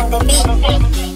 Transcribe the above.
on the beat.